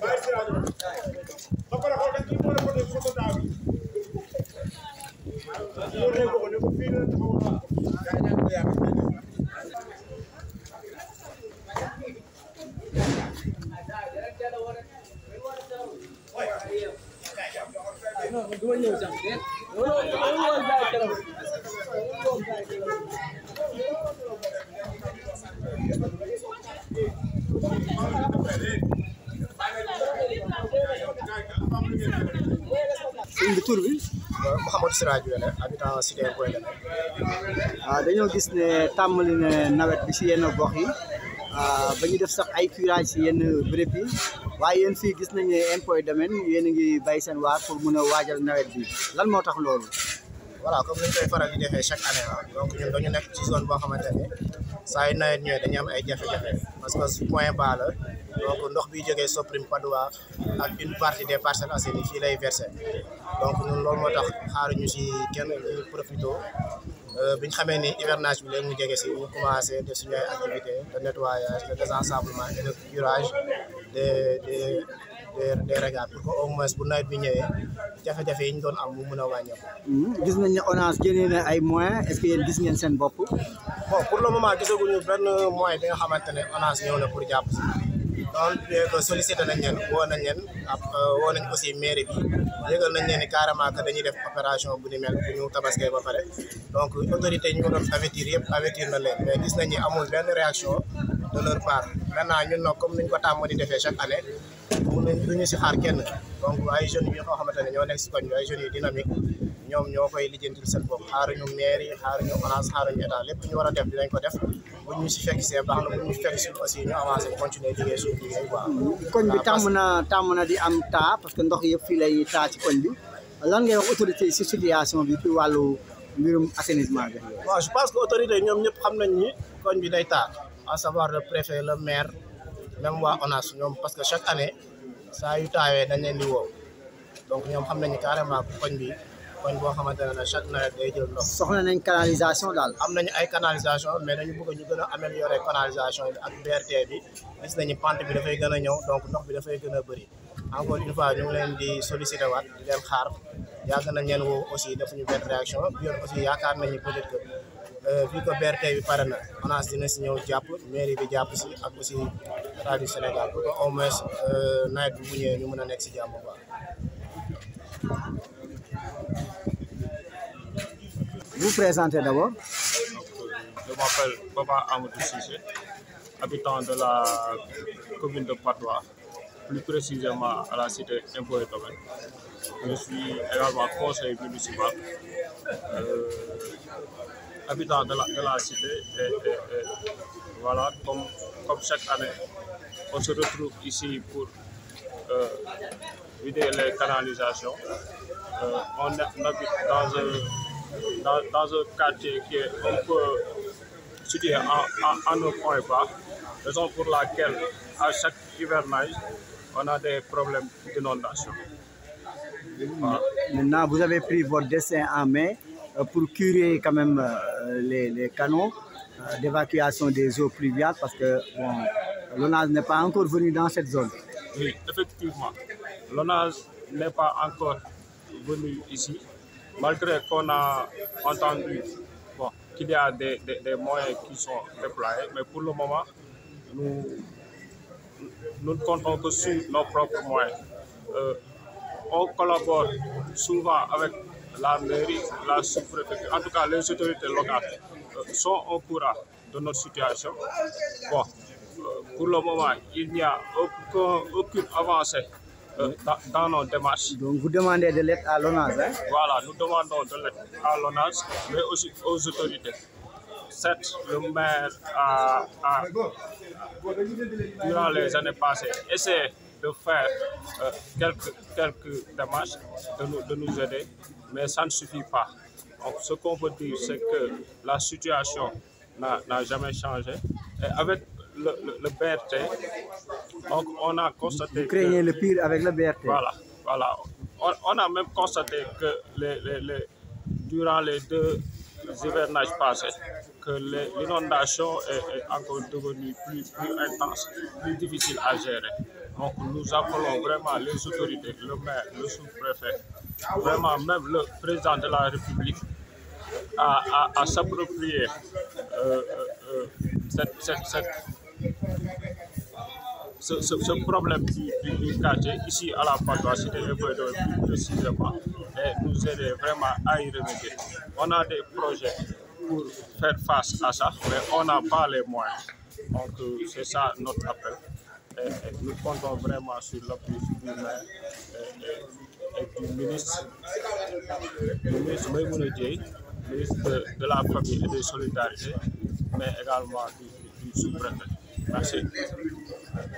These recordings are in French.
Vai tirar do Mouhamadou Sira Diouwéné habitant cité Ngoye Lémé waaw dañoo gis ne tàmbali na nawet bi si yenn gox yi ah, ba ñu def sax ay curage si yenn béréb yi waaye yéen fii gis nañ ne Ngoye Lémé yéen a ngi bàyyi seen waar pour mun a waajal nawet bi lan moo tax loolu voilà comme ni ñu koy faral di defee chaque année ah donc ñun dañu nekk ci zone boo xamante ne saa yu nawet ñëwee dañu am ay jafe-jafe parce que point bas la donc ndox bi jógee Soprim Padoua ak une partie des Parcelles Assainies fii lay versé donc ñun loolu moo tax ñu si kenn ñu profito euh, bi ñu xamee ni hivernage bi léegi mu jege si ñu commencé def suñu ay activités de nettoyage de désensablement et curage des des. des des regards pour que au moins bu nawet bi ñëwee jafe-jafe yi ñu doon am mu mën a wàññeeku. Hmm, gis nañ ne ONAS génnee ay moyens est que yéen gis ngeen seen bopp. bon pour le moment gisaguñu benn moyen bi nga xamante ne ONAS ñëw pour jàpp si. donc sollicité nañ nañ leen ak euh, woo nañ aussi mairie bi yëgal nañ ni carrément que dañuy def opération bu ni mel bu ñu tabaskee ba pare donc autorité mais gis nañ amul benn réaction de leur part maintenant ñun nag comme ni ñu ko tàmm di defee chaque année. mun nañ duñu si xaar kenn donc ñoo koñ bi ay ñoo koy lijjantil seen bopp xaaruñu maire yi xaaruñu place xaaruñu état lépp ñu war a def dinañ ko def bu ñu si fekk see baax na bu ñu fekk si aussi ñu avancé continuer liggéey bi tàmm di am taa parce que ndox yëpp fii lay taa ci koñ bi lan ngay autorité si situation bi ci wàllu mbirum assainissement bi. je pense que autorité yi ñoom ñëpp xam nañ ni koñ bi day taa à savoir le préfet le maire même waa ONAS ñoom parce que chaque année. saa yu taawee dañ leen di woo donc ñoom xam nañu carrément koñ bi koñ boo xamante ne chaque nawet day jël ndox. soxla nañ canalisation daal. am nañu ay canalisation mais dañu bëgg ñu gën a améliorer canalisation bi ak BRT bi gis nañu pante bi dafay gën a ñëw donc ndox bi dafay gën a bëri encore une fois ñu ngi leen di solliciter waat di leen xaar yàgg nañ leen woo aussi defuñu benn réaction bi yoon aussi yaakaar nañu peut-être que. Euh, vu que BRT bi pare na ONAS dina si ñëw jàpp mairie bi jàpp si ak aussi état du Sénégal pour que au moins euh, nous bi bu ñëwee ñu vous présentez d'abord. Je m'appelle Baba Amadou Sissé, habitant de la commune de Patois, plus précisément à la cité Impôt et Je suis également conseiller municipal, euh, habitant de la, de la cité et, et voilà, comme, comme chaque année, on se retrouve ici pour euh, vider les canalisations. Euh, on habite dans un, dans, un, quartier qui est un peu situé en, à nos bas, raison pour laquelle à chaque hivernage, on a des problèmes d'inondation. Ah, maintenant, vous avez pris votre dessin en main euh, pour curer quand même les, les canaux d'évacuation des eaux pluviales parce que l'ONAS n'est pas encore venu dans cette zone. Oui, effectivement. L'ONAS n'est pas encore venu ici, malgré qu'on a entendu qu'il y a des, des, moyens qui sont déployés, mais pour le moment, nous, nous ne comptons que sur nos propres moyens. Euh, on collabore souvent avec la mairie, la sous-préfecture, en tout cas les autorités locales euh, sont au courant de notre situation. Bon, pour le moment, il n'y a aucun, aucune avancée euh, dans nos démarches. Donc vous demandez de l'aide à l'ONAS hein? Voilà, nous demandons de l'aide à l'ONAS, mais aussi aux autorités. Cette le maire a, durant les années passées, essayé de faire euh, quelques, quelques démarches, de nous, de nous aider, mais ça ne suffit pas. ce qu'on peut dire, c'est que la situation n'a jamais changé. avec le, le, BRT. Donc, on a constaté. Vous craignez le pire avec le BRT. Voilà, voilà. On, a même constaté que les, les, durant les deux hivernages passés, que l'inondation est, encore devenue plus, plus intense, plus difficile à gérer. Donc, nous appelons vraiment les autorités, le maire, le sous-préfet, vraiment même le président de la République à, à, s'approprier euh, euh, euh, cette, cette ce, problème du, du, ici à la c'est de plus précisément et nous aider vraiment à y remédier. On a des projets pour faire face à ça, mais on n'a pas les moyens. Donc euh, c'est ça notre appel. nous comptons vraiment sur l'appui du et, du ministre, le ministre ministre de, la Famille et la Solidarité, mais également du, du sous-préfet. Merci. Gracias.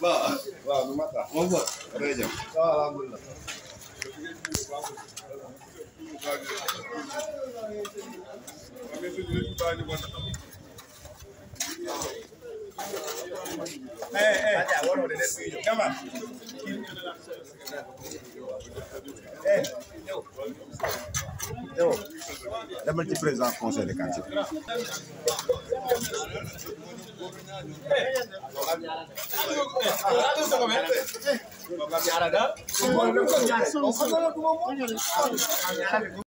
Vá, vá, me lá. Vamos embora. lá Alhamdulillah. Eh, eh. Come on. Eh. Yo. Yo. La multi président conseil de